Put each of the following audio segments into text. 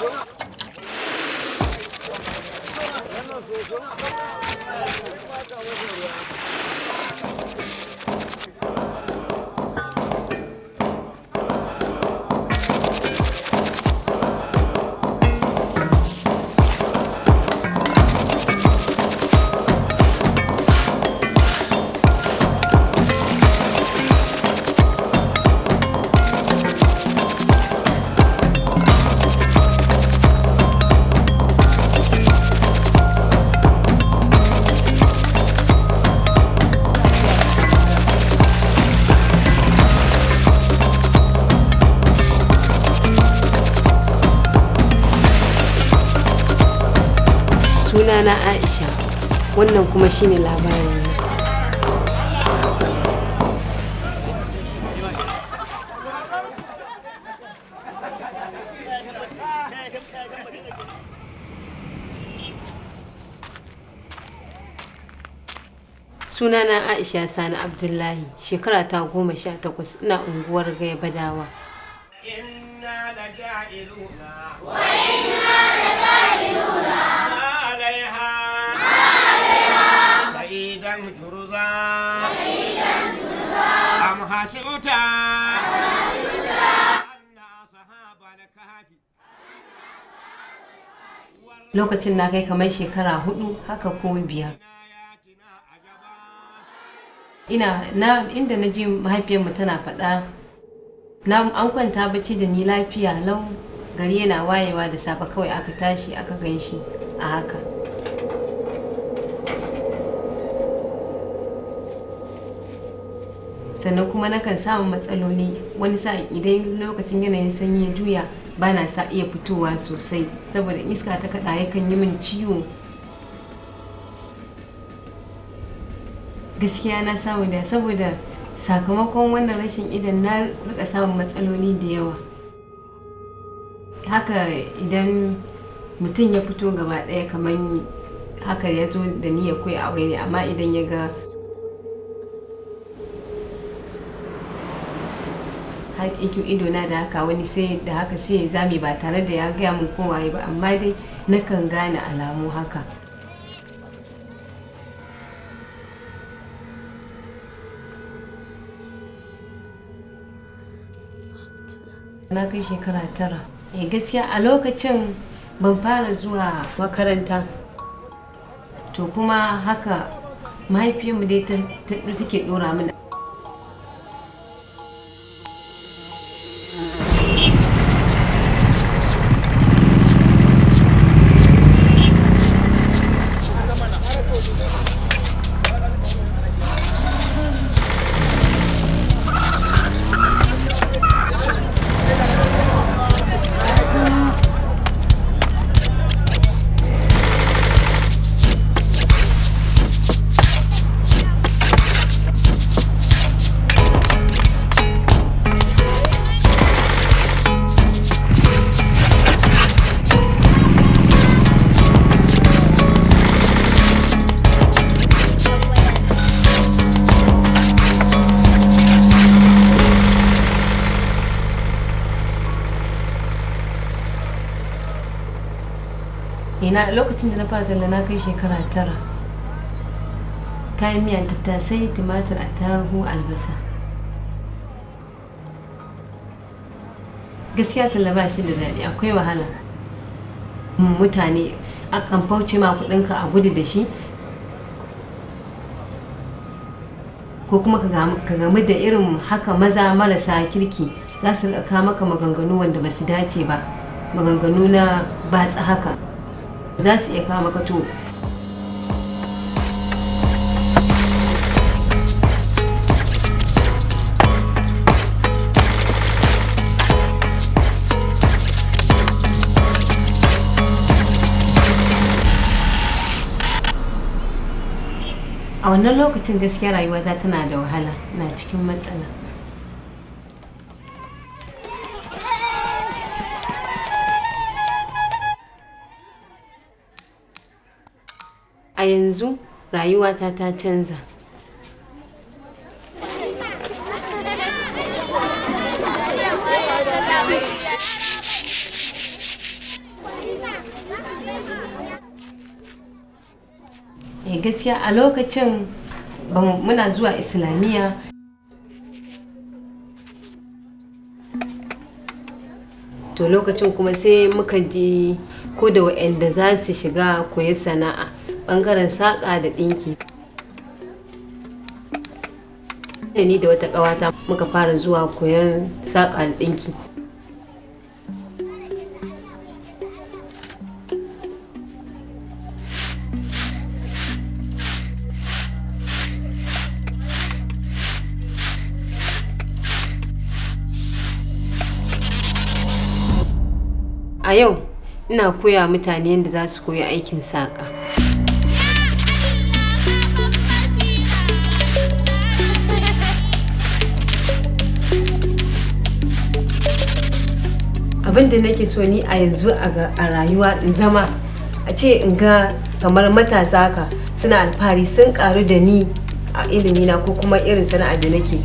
Thank you. sunana aisha wannan kuma shine labarin sunana aisha sani abdullahi shekara ta goma sha takwas ina unguwar gaya badawa inna masu lokacin na kai kamar shekara hudu haka ko biyar ina na inda na ji mahaifiyarmu tana faɗa na an kwanta bacci da ni lafiya lau gari yana wayewa da safe kawai aka tashi aka ganshi a haka sannan kuma nakan samu matsaloli wani sa'in idan lokacin yanayin sanyi ya juya ba na sa iya fitowa sosai saboda iska ta kaɗa yakan yi min ciwo gaskiya na samu da saboda sakamakon wannan rashin idan na rika samun matsaloli da yawa haka idan mutum ya fito gaba ɗaya kamar haka ya zo da ni ya koyi aure ne amma idan ya ga haƙiƙin ido na da haka wani sai da haka sai ya zame ba tare da ya gaya min kowaye ba amma dai nakan gane alamu haka na kai shekara tara e gaskiya a lokacin ban fara zuwa makaranta to kuma haka mahaifiyarmu dai take dora mana na lokacin da na fara talla na kai shekara tara kayan miyan tattasai tumatir attarugu albasa gaskiya talla ba shi da daɗi akwai wahala mutane akan fauce ma kuɗinka a gudu da shi ko kuma ka gamu da irin haka maza marasa kirki za su maka maganganu wanda ba su dace ba maganganu na batsa haka za su iya kama ka to a wannan lokacin gaskiya rayuwa ta tana da wahala na cikin matsala a yanzu rayuwata ta canza mai eh, gaskiya a lokacin muna zuwa islamiyya to lokacin kuma sai muka ji ko da wa'anda za su shiga koyi sana'a bangaren saƙa da ɗinki da ni da wata ƙawata muka fara zuwa koyon saƙa da ɗinki a yau ina koya mutane yadda za su koyi aikin saƙa abin da nake so ni a yanzu a rayuwa in zama a ce in ga kamar matasa ka suna alfahari sun karu da ni a ilimina ko kuma irin sana'a da nake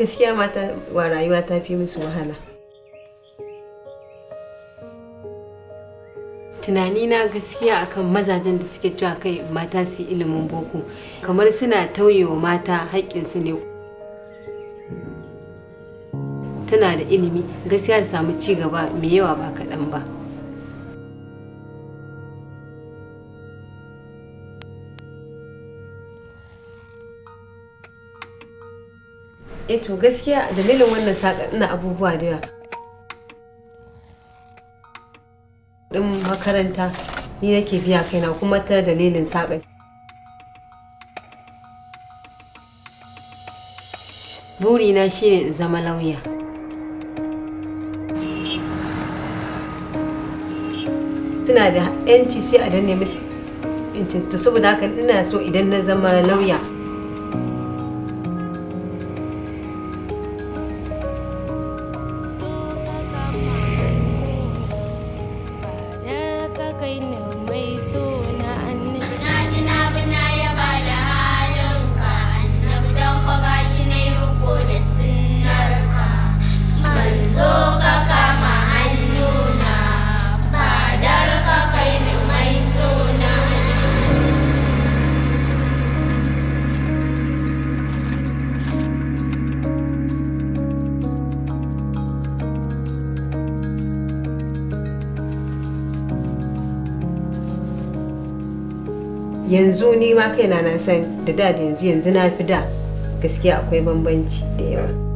gaskiya mata wa rayuwa ta fi musu wahala tunani na gaskiya akan mazajen da suke cewa kai mata su ilimin boko kamar suna tauyewa mata haƙƙinsu ne tana da ilimi gaskiya da samu ci gaba mai yawa ba kaɗan ba Eh to gaskiya dalilin wannan saka ina abubuwa da yawa din makaranta ni nake biya kaina kuma ta dalilin saƙa burina shine in zama lauya suna da yanci sai a danne musu to saboda haka ina so idan na zama lauya yanzu ni ma kaina na san da da yanzu yanzu na fi da gaskiya akwai bambanci da yawa